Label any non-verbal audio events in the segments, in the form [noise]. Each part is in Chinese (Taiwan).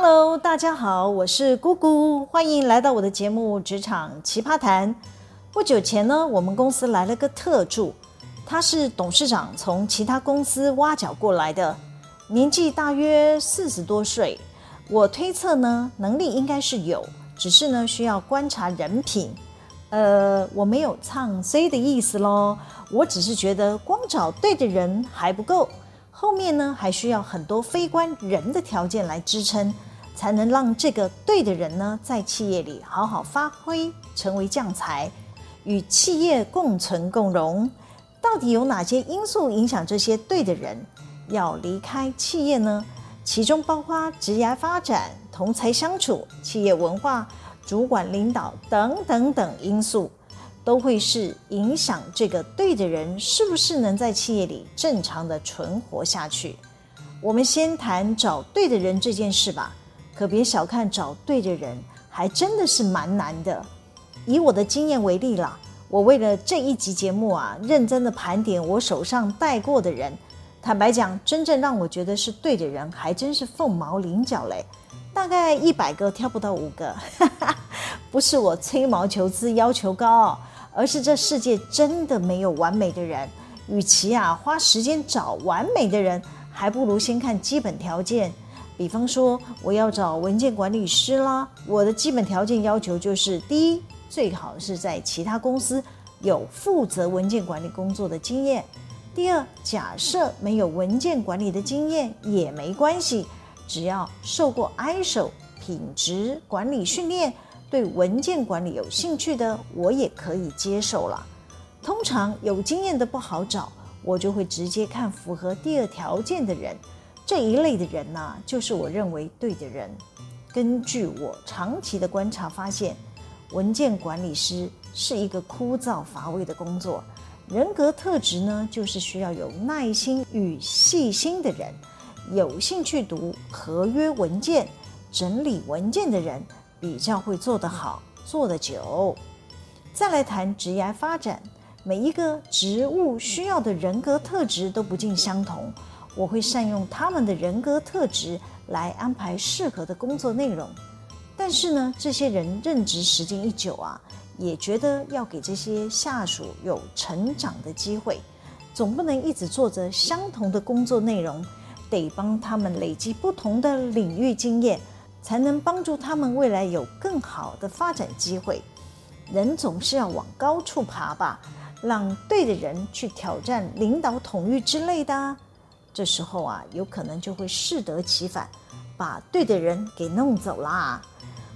Hello，大家好，我是姑姑，歡迎來到我的節目《職場奇葩談》。不久前呢，我們公司來了個特助，他是董事長從其他公司挖角過來的，年紀大約四十多歲。我推測呢，能力應該是有，只是呢需要觀察人品。呃，我沒有唱 C 的意思嘍，我只是覺得光找對的人還不夠，後面呢還需要很多非關人的條件來支撐。才能讓這個對的人呢，在企業裡好好發揮，成為將才，與企業共存共榮。到底有哪些因素影響這些對的人要離開企業呢？其中包括職涯發展、同儕相處、企業文化、主管領導等等等因素，都會是影響這個對的人是不是能在企業裡正常的存活下去。我們先談找對的人這件事吧。可別小看找對的人，還真的是蠻難的。以我的經驗為例啦，我為了這一集節目啊，認真的盤點我手上帶過的人。坦白講，真正讓我覺得是對的人，還真是鳳毛麟角嘞，大概一百個挑不到五個。 [laughs] 不是我吹毛求疵、要求高哦，而是這世界真的沒有完美的人。與其啊花時間找完美的人，還不如先看基本條件。比方說，我要找文件管理師啦。我的基本條件要求就是：第一，最好是在其他公司有負責文件管理工作的經驗；第二，假設沒有文件管理的經驗也沒關係，只要受過 ISO 品質管理訓練，對文件管理有興趣的，我也可以接受了。通常有經驗的不好找，我就會直接看符合第二條件的人。這一類的人呢、啊，就是我認為對的人。根據我長期的觀察發現，文件管理師是一個枯燥乏味的工作。人格特質呢，就是需要有耐心與細心的人，有興趣讀合約文件、整理文件的人，比較會做得好、做得久。再來談職業發展，每一個職務需要的人格特質都不盡相同。我會善用他們的人格特質來安排適合的工作內容，但是呢，這些人任職時間一久啊，也覺得要給這些下屬有成長的機會，總不能一直做着相同的工作內容，得幫他們累積不同的領域經驗，才能幫助他們未來有更好的發展機會。人總是要往高處爬吧，讓對的人去挑戰領導統御之類的啊。這時候啊，有可能就會適得其反，把對的人給弄走啦。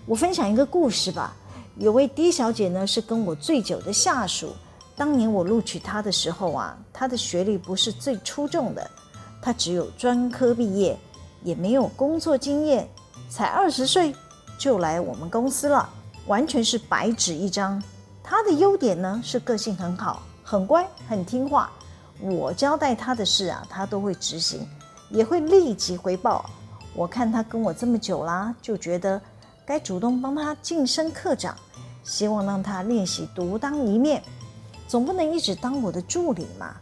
我分享一個故事吧。有位 D 小姐呢，是跟我最久的下屬。當年我錄取她的時候啊，她的學歷不是最出眾的，她只有專科畢業，也沒有工作經驗，才二十歲就來我們公司了，完全是白紙一張。她的優點呢，是個性很好，很乖，很聽話。我交代他的事啊，他都會執行，也會立即回報。我看他跟我這麼久啦，就覺得該主動幫他晉升科長，希望讓他練習獨當一面，總不能一直當我的助理嘛。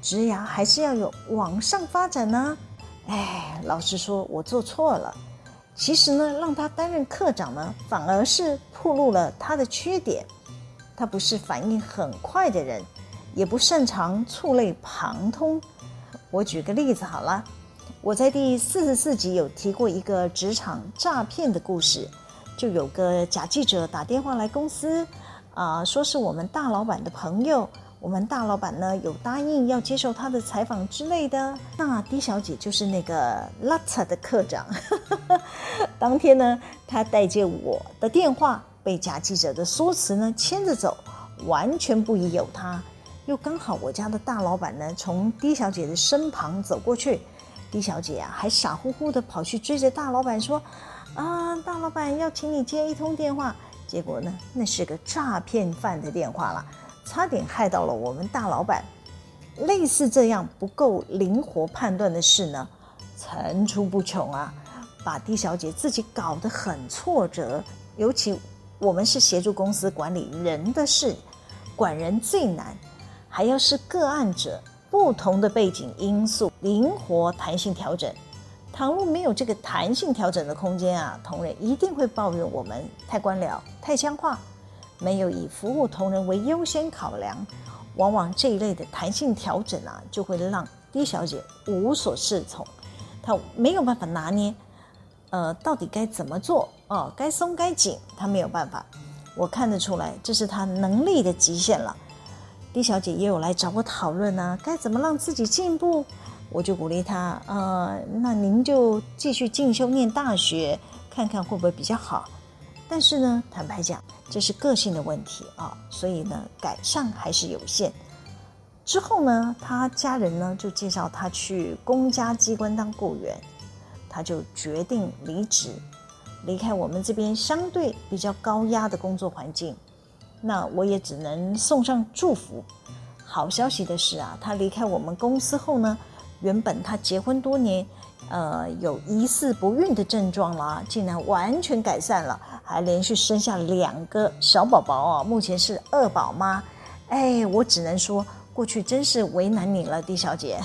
職涯還是要有往上發展呢、啊。哎，老實說，我做錯了。其實呢，讓他擔任科長呢，反而是暴露了他的缺點。他不是反應很快的人。也不擅長觸類旁通。我舉個例子好了，我在第四十四集有提過一個職場詐騙的故事，就有個假記者打電話來公司，啊、呃，說是我們大老板的朋友，我們大老板呢有答應要接受他的採訪之類的。那 D 小姐就是那個 Lata 的課長， [laughs] 當天呢，她代接我的電話，被假記者的說辭呢牽着走，完全不疑有他。又剛好我家的大老板呢，從狄小姐的身旁走過去，狄小姐啊還傻乎乎的跑去追着大老板說：“啊，大老板要請你接一通電話。”結果呢，那是個詐騙犯的電話了，差點害到了我們大老板。類似這樣不夠靈活判斷的事呢，層出不窮啊，把狄小姐自己搞得很挫折。尤其我們是協助公司管理人的事，管人最難。還要是個案者不同的背景因素，靈活彈性調整。倘若沒有這個彈性調整的空間啊，同仁一定會抱怨我們太官僚、太僵化，沒有以服務同仁為優先考量。往往這一類的彈性調整啊，就會讓丁小姐無所適從，她沒有辦法拿捏，呃，到底該怎麼做？哦，該鬆該緊，她沒有辦法。我看得出來，這是她能力的極限了。李小姐也有來找我討論呢，啊，該怎麼讓自己進步，我就鼓勵她，呃，那您就繼續進修念大學，看看會不會比較好。但是呢，坦白講，這是個性的問題啊，所以呢，改善還是有限。之後呢，她家人呢就介紹她去公家機關當雇員，她就決定離職，離開我們這邊相對比較高壓的工作環境。那我也只能送上祝福。好消息的是啊，他離開我們公司後呢，原本他結婚多年，呃，有疑似不孕的症狀了，竟然完全改善了，還連續生下兩個小寶寶啊，目前是二寶媽。哎，我只能說，過去真是為難你了，丁小姐。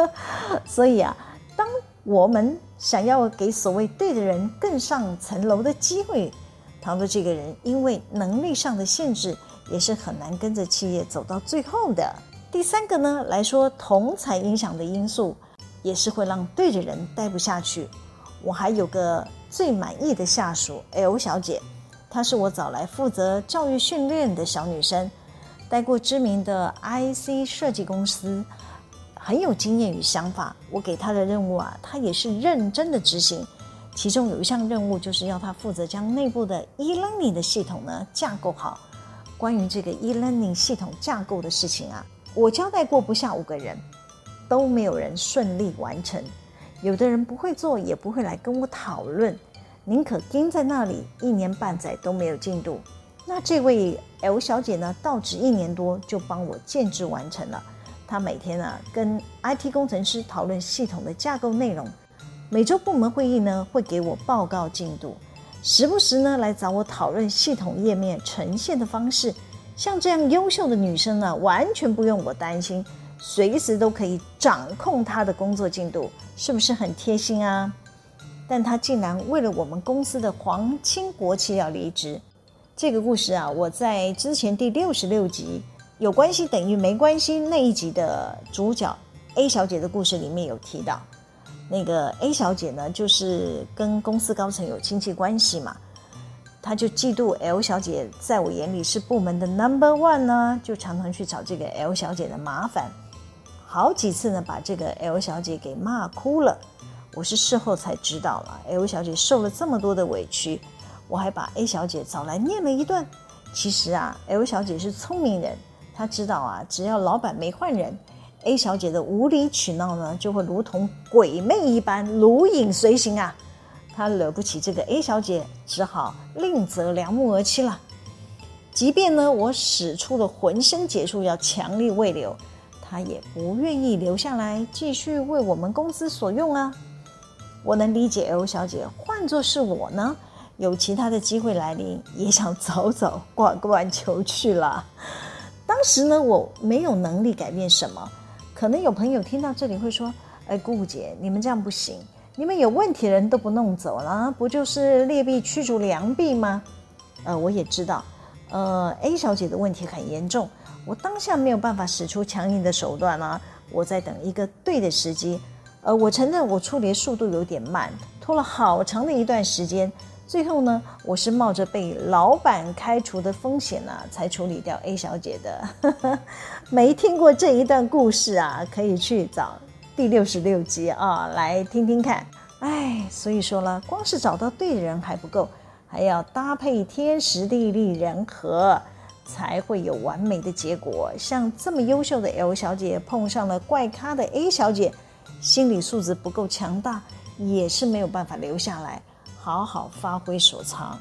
[laughs] 所以啊，當我們想要給所謂對的人更上層樓的機會，倘若這個人因為能力上的限制，也是很難跟着企業走到最後的。第三個呢，來說同儕影響的因素，也是會讓對的人待不下去。我還有個最滿意的下屬 L 小姐，她是我找來負責教育訓練的小女生，待過知名的 IC 設計公司，很有經驗與想法。我給她的任務啊，她也是認真的執行。其中有一項任務就是要他負責將內部的 e-learning 的系統呢架構好。關於這個 e-learning 系統架構的事情啊，我交代過不下五個人，都沒有人順利完成。有的人不會做，也不會來跟我討論，寧可釘在那裡一年半載都沒有進度。那這位 L 小姐呢，到職一年多就幫我建置完成了。她每天啊跟 IT 工程師討論系統的架構內容。每週部門會議呢，會給我報告進度，時不時呢來找我討論系統頁面呈現的方式。像這樣優秀的女生呢、啊，完全不用我擔心，隨時都可以掌控她的工作進度，是不是很貼心啊？但她竟然為了我們公司的皇親國戚要離職，這個故事啊，我在之前第六十六集《有關係等於沒關係》那一集的主角 A 小姐的故事裡面有提到。那個 A 小姐呢，就是跟公司高層有親戚關係嘛，她就嫉妒 L 小姐，在我眼裡是部門的 Number One 呢、啊，就常常去找這個 L 小姐的麻煩，好幾次呢，把這個 L 小姐給罵哭了。我是事後才知道了，L 小姐受了這麼多的委屈，我還把 A 小姐找來念了一頓。其實啊，L 小姐是聰明人，她知道啊，只要老闆沒換人。A 小姐的無理取鬧呢，就會如同鬼魅一般如影隨形啊！他惹不起這個 A 小姐，只好另擇良木而棲了。即便呢，我使出了渾身解數要強力挽留，他也不願意留下來繼續為我們公司所用啊！我能理解 L 小姐，換作是我呢，有其他的機會來臨，也想走走、逛逛、求去了。當時呢，我沒有能力改變什麼。可能有朋友聽到這裡會說：“哎，姑姑姐，你們這樣不行，你們有問題的人都不弄走了，不就是劣幣驅逐良幣嗎？”呃，我也知道，呃，A 小姐的問題很嚴重，我當下沒有辦法使出強硬的手段啦、啊，我在等一個對的時機。呃，我承認我處理的速度有點慢，拖了好長的一段時間。最後呢，我是冒着被老闆開除的風險呢、啊，才處理掉 A 小姐的。 [laughs] 沒聽過這一段故事啊？可以去找第六十六集啊來聽聽看。哎，所以說呢，光是找到對的人還不夠，還要搭配天時地利人和，才會有完美的結果。像這麼優秀的 L 小姐碰上了怪咖的 A 小姐，心理素質不夠強大，也是沒有辦法留下來。好好發揮所長，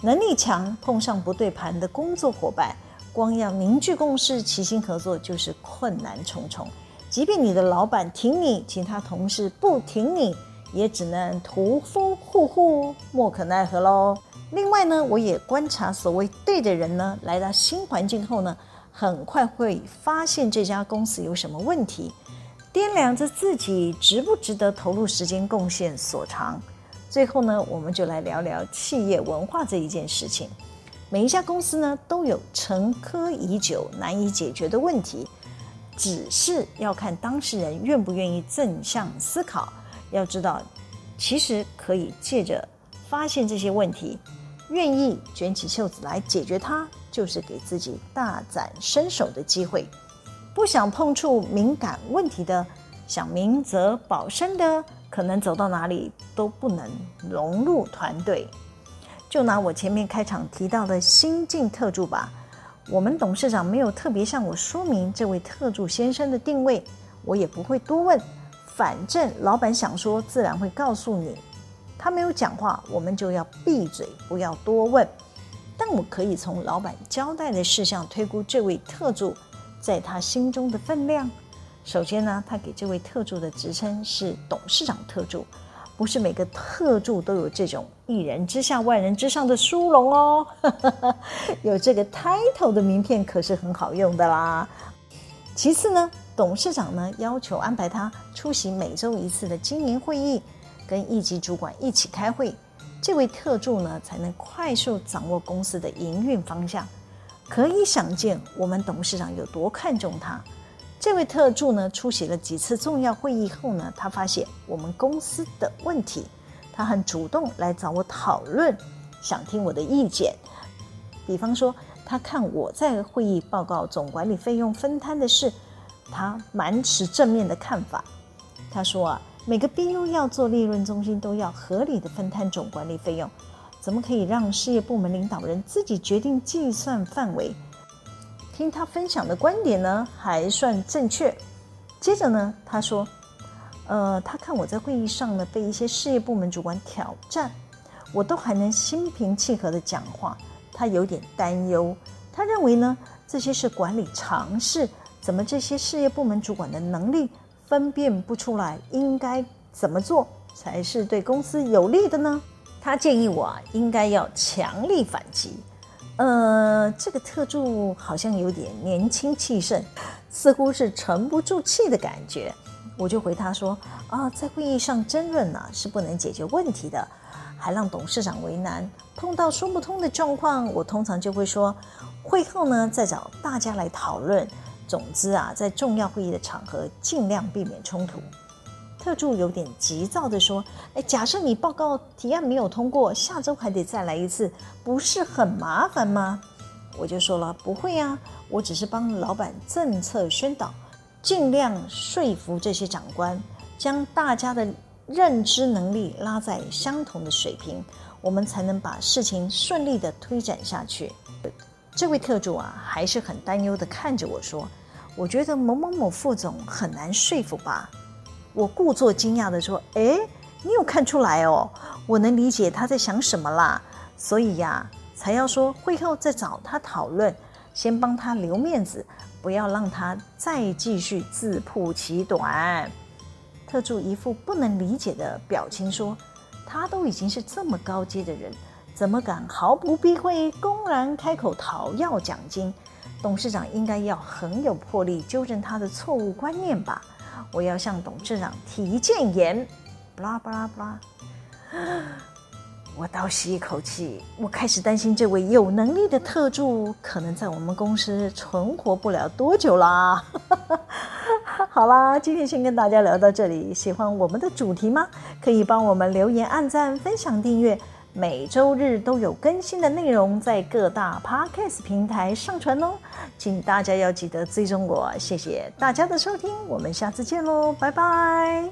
能力強碰上不對盤的工作夥伴，光要凝聚共識、齊心合作就是困難重重。即便你的老闆挺你，其他同事不挺你，也只能徒呼負負，莫可奈何嘍。另外呢，我也觀察，所謂對的人呢，來到新環境後呢，很快會發現這家公司有什麼問題，掂量着自己值不值得投入時間、貢獻所長。最後呢，我們就來聊聊企業文化這一件事情。每一家公司呢，都有沉痾已久難以解決的問題，只是要看當事人願不願意正向思考。要知道，其實可以借着發現這些問題，願意捲起袖子來解決它，就是給自己大展身手的機會。不想碰觸敏感問題的，想明哲保身的。可能走到哪裡都不能融入團隊。就拿我前面開場提到的新晉特助吧，我們董事長沒有特別向我說明這位特助先生的定位，我也不會多問。反正老闆想說，自然會告訴你。他沒有講話，我們就要閉嘴，不要多問。但我可以從老闆交代的事項推估這位特助在他心中的分量。首先呢，他給這位特助的職稱是董事長特助，不是每個特助都有這種一人之下萬人之上的殊榮哦。 [laughs] 有這個 title 的名片可是很好用的啦。其次呢，董事長呢要求安排他出席每周一次的經營會議，跟一級主管一起開會，這位特助呢才能快速掌握公司的營運方向，可以想見我們董事長有多看重他。這位特助呢，出席了幾次重要會議後呢，他發現我們公司的問題，他很主動來找我討論，想聽我的意見。比方說，他看我在會議報告總管理費用分攤的事，他蠻持正面的看法。他說啊，每個 BU 要做利潤中心，都要合理地分攤總管理費用，怎麼可以讓事業部門領導人自己決定計算範圍？聽他分享的觀點呢，還算正確。接着呢，他說：“呃，他看我在會議上呢被一些事業部門主管挑戰，我都還能心平氣和地講話。他有點擔憂，他認為呢這些是管理常識，怎麼這些事業部門主管的能力分辨不出來應該怎麼做才是對公司有利的呢？他建議我啊，應該要強力反擊。”呃，這個特助好像有點年輕氣盛，似乎是沉不住氣的感覺。我就回他說：“啊，在會議上爭論呢、啊、是不能解決問題的，還讓董事長為難。碰到說不通的狀況，我通常就會說，會後呢再找大家來討論。總之啊，在重要會議的場合，盡量避免衝突。”特助有點急躁地說：“哎，假設你報告提案沒有通過，下周還得再來一次，不是很麻煩嗎？”我就說了：“不會啊，我只是幫老板政策宣導，儘量說服這些長官，將大家的認知能力拉在相同的水平，我們才能把事情順利地推展下去。”這位特助啊，還是很擔憂地看着我說：“我覺得某某某副總很難說服吧？”我故作驚訝地說：“哎、欸，你有看出來哦？我能理解他在想什麼啦，所以呀、啊，才要說會後再找他討論，先幫他留面子，不要讓他再繼續自曝其短。”特助一副不能理解的表情說：“他都已經是這麼高階的人，怎麼敢毫不避諱、公然開口討要獎金？董事長應該要很有魄力，糾正他的錯誤觀念吧。”我要向董事長提建言。布拉布拉布拉！我倒吸一口氣，我開始擔心這位有能力的特助可能在我們公司存活不了多久啦。 [laughs] 好啦，今天先跟大家聊到這裡。喜歡我們的主題嗎？可以幫我們留言、按讚、分享、訂閱。每週日都有更新的內容在各大 Podcast 平台上傳哦，請大家要記得追蹤我，謝謝大家的收聽，我們下次見嘍，拜拜。